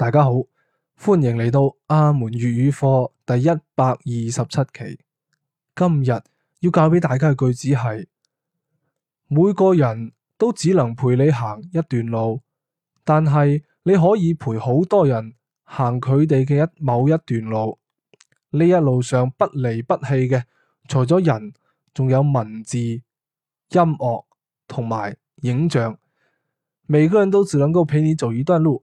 大家好，歡迎嚟到阿門粵語課第一百二十七期。今日要教俾大家嘅句子係：每個人都只能陪你行一段路，但係你可以陪好多人行佢哋嘅一某一段路。呢一路上不離不棄嘅，除咗人，仲有文字、音樂同埋影像。每個人都只能夠陪你走一段路。